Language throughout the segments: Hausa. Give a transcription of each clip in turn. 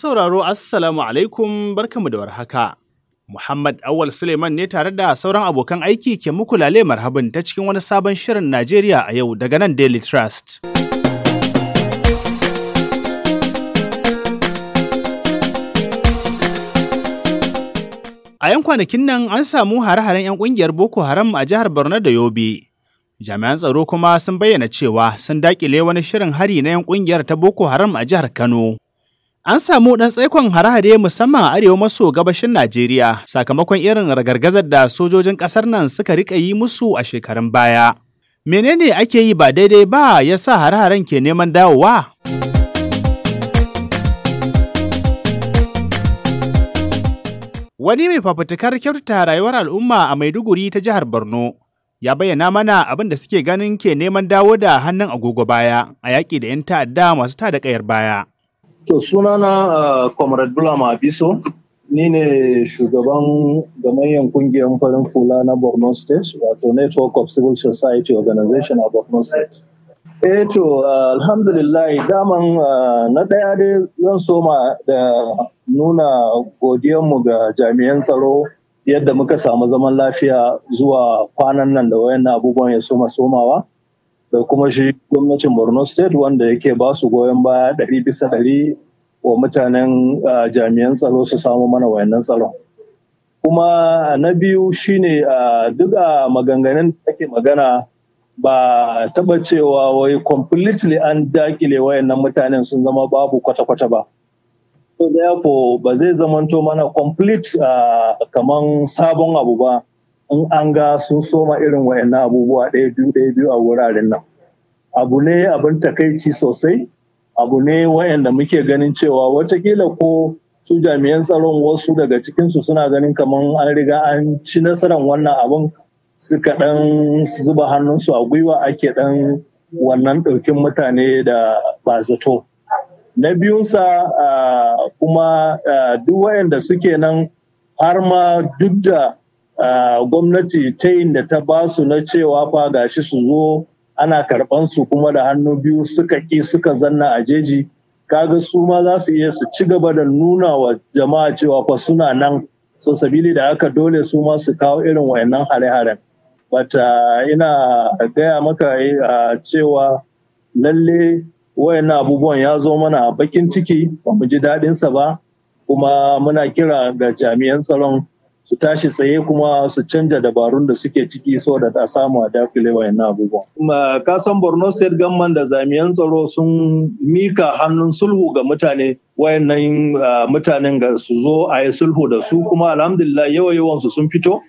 sauraro Assalamu alaikum barkamu da warhaka. Muhammad Awal Suleiman ne tare da sauran abokan aiki ke muku lale marhabin ta cikin wani sabon shirin Najeriya a yau daga nan Daily Trust. A yan kwanakin nan an samu hare-haren 'yan kungiyar Boko Haram a jihar Borno da Yobe. Jami'an tsaro kuma sun bayyana cewa sun daƙile wani shirin hari na 'yan ƙungiyar ta Boko Haram a jihar Kano. An samu ɗan tsaikon hare-hare musamman a arewa maso gabashin Najeriya sakamakon irin ragargazar da sojojin ƙasar nan suka riƙa yi musu a shekarun baya. Menene ake yi ba daidai ba ya sa hare-haren ke neman dawowa? Wani mai fafutukar kyautata rayuwar al'umma a Maiduguri ta jihar Borno ya bayyana mana abin da suke ganin ke neman dawo da hannun agogo baya a yaƙi da 'yan ta'adda masu tada ƙayar baya. To sunana uh, Comrade Bulama Abiso, ni ne shugaban gamayyan kungiyar farin fula na Borno State, wato Network of Civil Society Organization a Borno State. Eh to, uh, alhamdulillah daman uh, na ɗaya dai zan soma da nuna godiyanmu ga jami'an tsaro yadda muka samu zaman lafiya zuwa kwanan nan da wayan abubuwan ya soma somawa. da kuma shi gwamnatin borno state wanda yake ba su goyon baya ɗari bisa ɗari wa mutanen jami'an tsaro su samu mana wayannan tsaro. kuma na biyu shine duk a maganganun da ake magana ba taba cewa wai completely an dakile wayannan mutanen sun zama babu kwata-kwata ba so therefore ba zai zamanto mana complete kaman sabon abu ba in an ga sun soma irin wa'annan abubuwa ɗaya biyu ɗaya biyu a wuraren nan abu ne abin takaici sosai abu ne wa'anda muke ganin cewa watakila ko su jami'an tsaron wasu daga cikinsu suna ganin kamar an riga an ci nasarar wannan abin suka ɗan zuba hannunsu a gwiwa ake ɗan wannan ɗaukin mutane da ba zato. Na biyunsa ah, kuma ah, duk wayanda suke nan har ma duk da gwamnati ta yin da ta ba su na cewa fa gashi su zo ana karɓan su kuma da hannu biyu suka ƙi suka zanna a jeji kaga su ma za su iya su ci gaba da nuna wa jama'a cewa fa suna nan so sabili da aka dole su ma su kawo irin wayannan hare-haren bata ina gaya maka cewa lalle wayannan abubuwan ya zo mana a bakin ciki ba mu ji daɗinsa ba kuma muna kira ga jami'an tsaron su tashi tsaye kuma su canja dabarun da suke ciki so da a samu a dakile wayannan abubuwan. Kuma kasan Borno State Gamman da zamiyan tsaro sun mika hannun sulhu ga mutane wayannan ah, mutanen ga su zo a yi sulhu da su kuma alhamdulillah yawa yawansu sun fito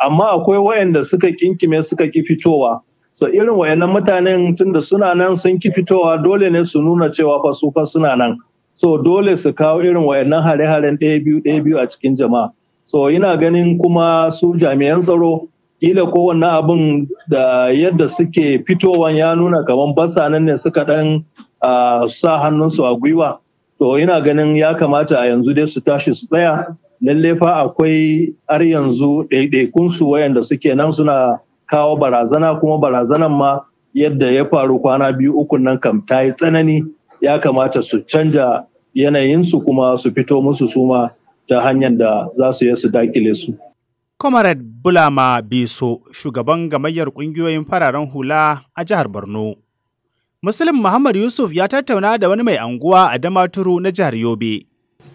amma akwai wayanda suka kinkime suka ki fitowa so irin wayannan mutanen tunda suna nan sun ki fitowa dole ne su nuna cewa fa su fa suna nan so dole su kawo irin wayannan hare-haren ɗaya biyu ɗaya biyu a cikin jama'a so ina ganin kuma su jami'an tsaro kila kowanne abin da yadda suke fitowan ya nuna kamar basa nan ne suka dan sa hannunsu a gwiwa to ina ganin ya kamata a yanzu dai su tashi su tsaya lalle fa akwai har yanzu ɗaiɗaikunsu wayanda suke nan suna kawo barazana kuma barazanan ma yadda ya faru kwana biyu ukun nan kam ta yi tsanani ya kamata su canja yanayinsu kuma su fito musu suma ta hanyar da za su yi su dakile su. Comrade Bulama Biso, shugaban gamayyar ƙungiyoyin fararen hula a jihar Borno. Muslim Muhammad Yusuf ya tattauna da wani mai anguwa a Damaturu na jihar Yobe.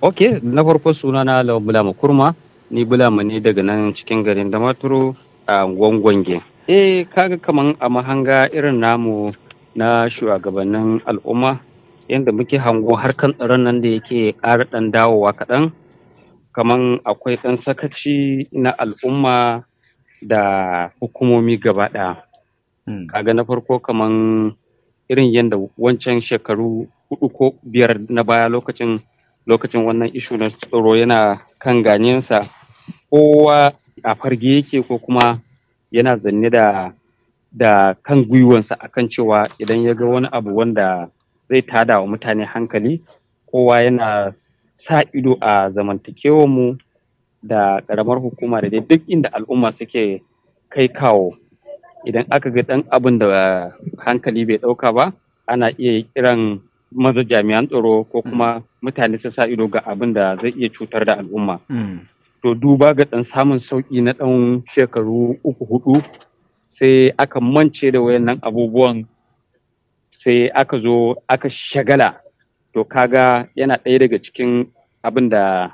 Ok, na farko suna na Bulama Kurma, ni Bulama ne daga nan cikin garin Damaturu a Gwangwange. Eh, kaga kaman a mahanga irin namu na shugabannin al'umma yadda muke hango harkan tsaron nan da yake ƙara ɗan dawowa kaɗan kaman akwai ɗan sakaci na al'umma da hukumomi gaba ɗaya. Hmm. Kaga na farko kaman irin yadda wancan shekaru hudu ko biyar na baya lokacin lokacin wannan ishu na tsoro yana kan ganyensa kowa a farge yake ko kuma yana zanne da da kan gwiwansa kan cewa idan ya ga wani abu wanda zai tada wa mutane hankali kowa yana sa ido a zamantakewar mu da ƙaramar hukuma da dai duk inda al'umma suke kai kawo idan aka ga ɗan abin da eh, hankali bai ɗauka ba ana iya kiran maza jami'an tsaro ko kuma mutane su sa ido ga abin da zai iya cutar da al'umma hmm. to duba ga ɗan samun sauki na ɗan shekaru uku hudu sai aka mance da wayannan abubuwan sai aka zo aka shagala to kaga yana ɗaya daga cikin abin da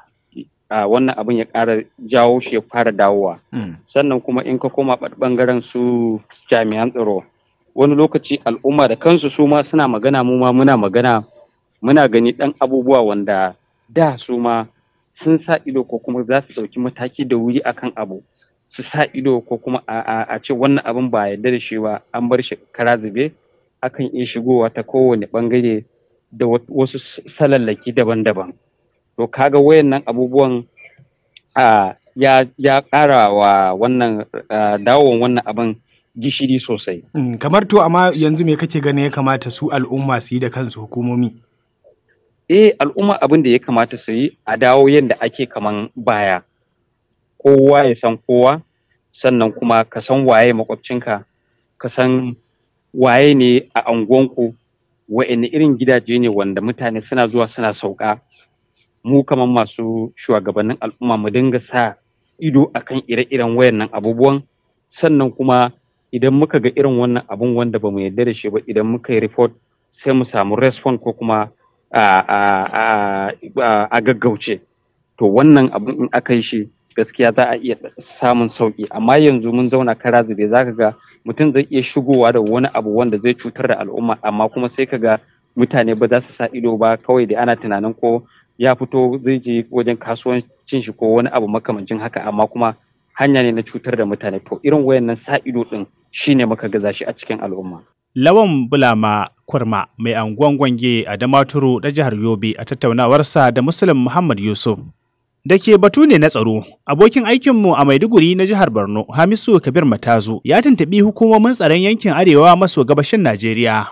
uh, wannan abin ya ƙara jawo shi ya fara dawowa mm. sannan kuma in ka koma ɓangaren su jami'an tsaro wani lokaci al'umma da kansu su ma suna magana mu ma muna magana muna gani ɗan abubuwa wanda da su ma sun sa ido ko kuma za su ɗauki mataki da wuri akan abu su sa ido ko kuma a ce wannan abin ba yarda da shi ba an bar shi kara zube akan iya shigowa ta kowane ɓangare da wasu salallaki daban-daban to kaga wayannan abubuwan ya ƙara wa wannan dawon wannan abin gishiri sosai mm, kamar to amma yanzu me kake gani ya kamata su al'umma su yi da kansu hukumomi eh al'umma abin da ya kamata su yi a dawo yadda ake kaman baya kowa ya san kowa sannan kuma ka san waye makwabcinka ka san waye ne a unguwanku. Wa'in irin gidaje ne wanda mutane suna zuwa suna sauka mu kamar masu shugabannin al'umma mu dinga sa ido akan ire-iren wayannan abubuwan sannan kuma idan muka ga irin wannan abun wanda ba mu yarda da shi ba idan muka yi report sai mu samu respond ko kuma a gaggauce to wannan abun in aka yi shi gaskiya za a iya samun sauki amma yanzu mun zauna kara zube za ka ga mutum zai iya shigowa da wani abu wanda zai cutar da al'umma amma kuma sai ka ga mutane ba za su sa ido ba kawai da ana tunanin ko ya fito zai je wajen kasuwancin shi ko wani abu makamancin haka amma kuma hanya ne na cutar da mutane to irin wayannan sa ido din shine muka gaza shi a cikin al'umma Lawan Bulama Kurma mai anguwan gwange a Damaturu da jihar Yobe a tattaunawarsa da Muslim Muhammad Yusuf. Da ke batu ne na tsaro, abokin aikinmu a Maiduguri na jihar Borno, Hamisu Kabir Matazu, ya tuntuɓi hukumomin tsaron yankin Arewa maso gabashin Najeriya.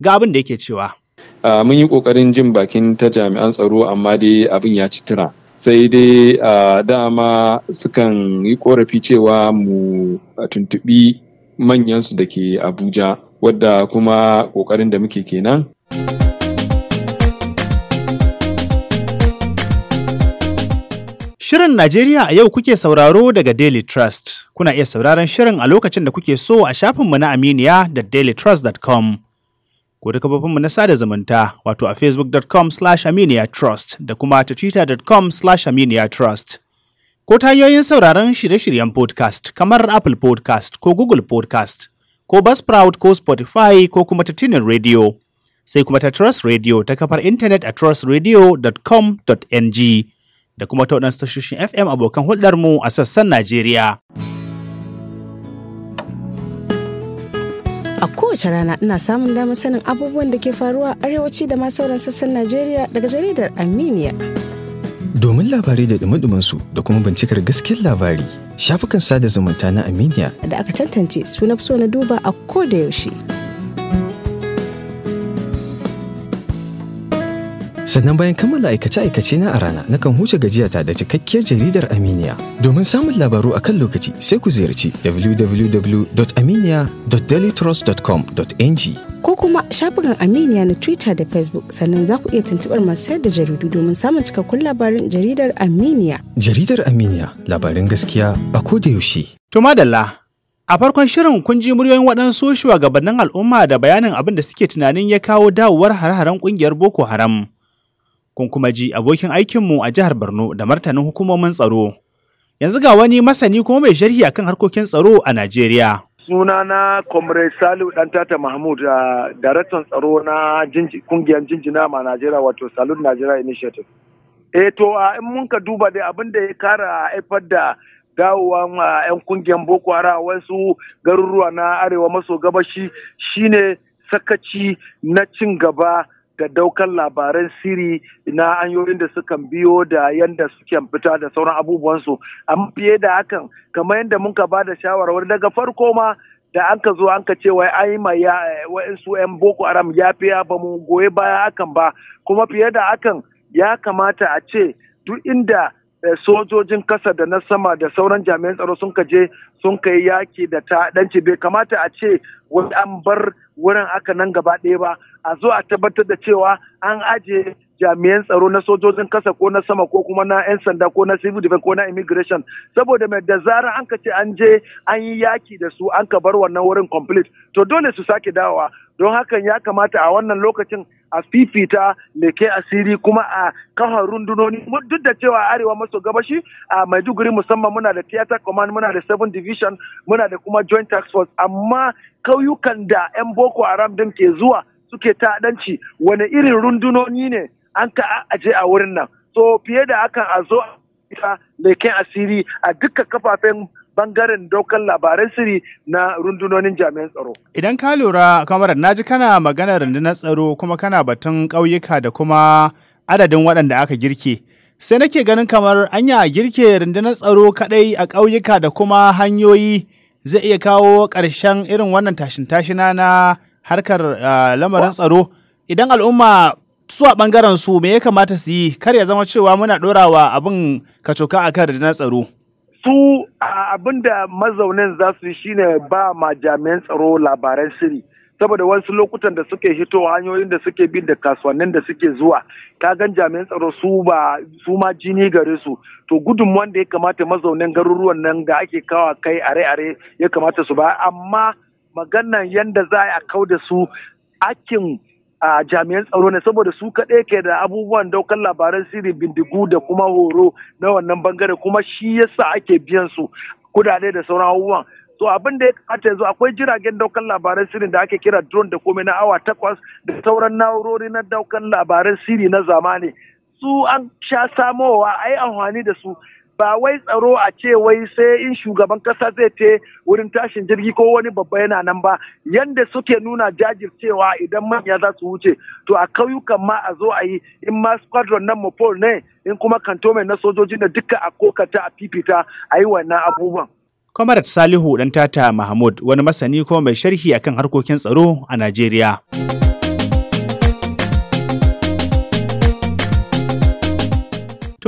Ga abin da yake cewa. Mun yi ƙoƙarin jin bakin ta jami'an tsaro amma dai abin ya ci tura. Sai dai dama sukan yi ƙorafi cewa mu tuntuɓi manyansu da ke Abuja, wadda kuma ƙoƙarin da muke kenan. nan Najeriya a yau kuke sauraro daga Daily Trust. Kuna iya sauraron shirin a lokacin da kuke so a shafinmu na Aminiya da dailytrust.com. Ko da kafofinmu na sada zumunta wato a facebook.com slash aminiyatrust da kuma ta twitter.com slash aminiyatrust. Ko ta hanyoyin sauraron shirye-shiryen podcast kamar Apple podcast ko Google podcast ko Buzzsprout ko Spotify ko kuma ta tunin radio. Sai kuma ta Trust Radio ta kafar intanet a trustradio.com.ng. da kuma ta waɗansu tashoshin FM abokan hulɗarmu a sassan Najeriya. A kowace rana ina samun damar sanin abubuwan da ke faruwa arewaci da ma sauran sassan Najeriya daga jaridar Armenia. Domin labarai da dumi su da kuma bincikar gaskiyar labari, shafukan sada zumunta na Armenia da aka tantance suna na duba a ko da yaushe. Sannan bayan kammala aikace-aikace na a rana nakan huce gajiyata da cikakkiyar jaridar Aminiya. Domin samun labaru a kan lokaci sai ku ziyarci www.aminiya.dailytrust.com.ng Ko kuma shafukan Aminiya na Twitter da Facebook sannan za ku iya tuntuɓar masu sayar da jaridu domin samun cikakkun labarin jaridar Aminiya. Jaridar Aminiya labarin gaskiya a kodayaushe. yaushe. To A farkon shirin kun ji muryoyin waɗansu shugabannin al'umma da bayanin abin da suke tunanin ya kawo dawowar hare-haren ƙungiyar Boko Haram. kun kuma ji abokin aikinmu a jihar Borno da martanin hukumomin tsaro. Yanzu ga wani masani kuma mai sharhi akan harkokin tsaro a Najeriya. Sunana Comrade Salu Dantata Mahmud, daraktan tsaro na kungiyar jinjina ma Najeriya wato Salud Najeriya Initiative. E to in mun ka duba da abin da ya kara haifar da dawowan 'yan kungiyar Boko Haram wasu garuruwa na arewa maso gabashi shine sakaci na cin gaba da daukan labaran siri na hanyoyin da suka biyo da yadda suke fita da sauran abubuwansu amma fiye da hakan kamar yadda muka ba da shawarwar daga farko ma da an ka zo an ka ce wai ai ma ya wa'insu 'yan boko haram ya fiya ba mu goyi baya hakan ba kuma fiye da hakan ya kamata a ce duk inda Eh, sojojin kasa da na sama da sauran jami'an tsaro sun kaje sun kai yaki da ta'addanci bai kamata a ce wani an bar wurin aka nan gaba ɗaya ba a zo a tabbatar da cewa an ajiye jami'an tsaro na sojojin kasa ko na sama ko kuma na 'yan sanda ko na civil defense ko na immigration saboda mai da zarar an ka ce an je an yi yaki da su an ka bar wannan wurin complete to dole su sake dawowa don hakan ya kamata a wannan lokacin a fifita leke asiri kuma a kafa rundunoni duk da cewa arewa maso gabashi a maiduguri musamman muna da theater command muna da seven division muna da kuma joint task force amma kauyukan da 'yan boko haram din ke zuwa suke ta'adanci wani irin rundunoni ne an ka aje a wurin nan so fiye da hakan a zo leken asiri a duka kafafen bangaren daukan labaran siri na rundunonin jami'an tsaro. Idan ka lura kamar na ji kana magana rundunar tsaro kuma kana batun ƙauyuka da kuma adadin waɗanda aka girke. Sai nake ganin kamar anya girke rundunar tsaro kaɗai a ƙauyuka da kuma hanyoyi zai iya kawo ƙarshen irin wannan tashin tashina na harkar ah, lamarin tsaro. Idan al'umma su a ɓangaren su me ya kamata su yi kar ya zama cewa muna ɗorawa abin kacoka akan rundunar tsaro. su abinda mazaunin za su yi shine ba ma jami'an tsaro labaran shiri saboda wasu lokutan da suke hito hanyoyin da suke bin da kasuwannin da suke zuwa ka gan jami'an tsaro su ba su ma jini gare su to gudun wanda ya kamata mazaunin garuruwan nan da ake kawa kai are-are ya kamata su ba amma maganan yanda za a kau da su akin a jami'an tsaro ne saboda su kaɗai ke da abubuwan daukan labaran sirri bindigu da kuma horo na wannan bangare kuma shi yasa ake biyan su kudade da sauran abubuwan to abin da ya kamata yanzu akwai jiragen daukan labaran sirri da ake kira drone da komai na awa takwas da sauran na'urori na daukan labaran sirri na zamani su an sha samowa ai amfani da su ba wai tsaro a ce wai sai in shugaban kasa zai ce wurin tashin jirgi ko wani babba yana nan ba yanda suke nuna jajircewa idan manya za su wuce to a kauyukan ma a zo a yi in ma squadron mu mopol ne in kuma kantomen na sojoji da duka a kokata a fifita a yi wannan abubuwan. Kwamarat Salihu ɗan tata Mahmud wani masani ko mai sharhi akan harkokin tsaro a Najeriya.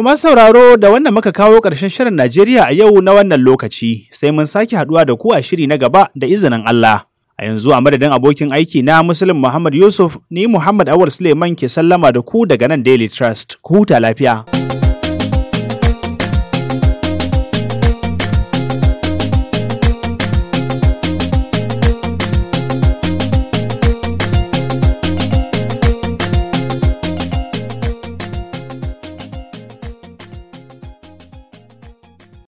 To masu sauraro da wannan muka kawo ƙarshen shirin Najeriya a yau na wannan lokaci sai mun sake haɗuwa da ku a shiri na gaba da izinin Allah. A yanzu a madadin abokin aiki na Muslim Muhammad Yusuf ni Muhammad Awar Suleiman ke sallama da ku daga nan Daily Trust. Ku huta lafiya.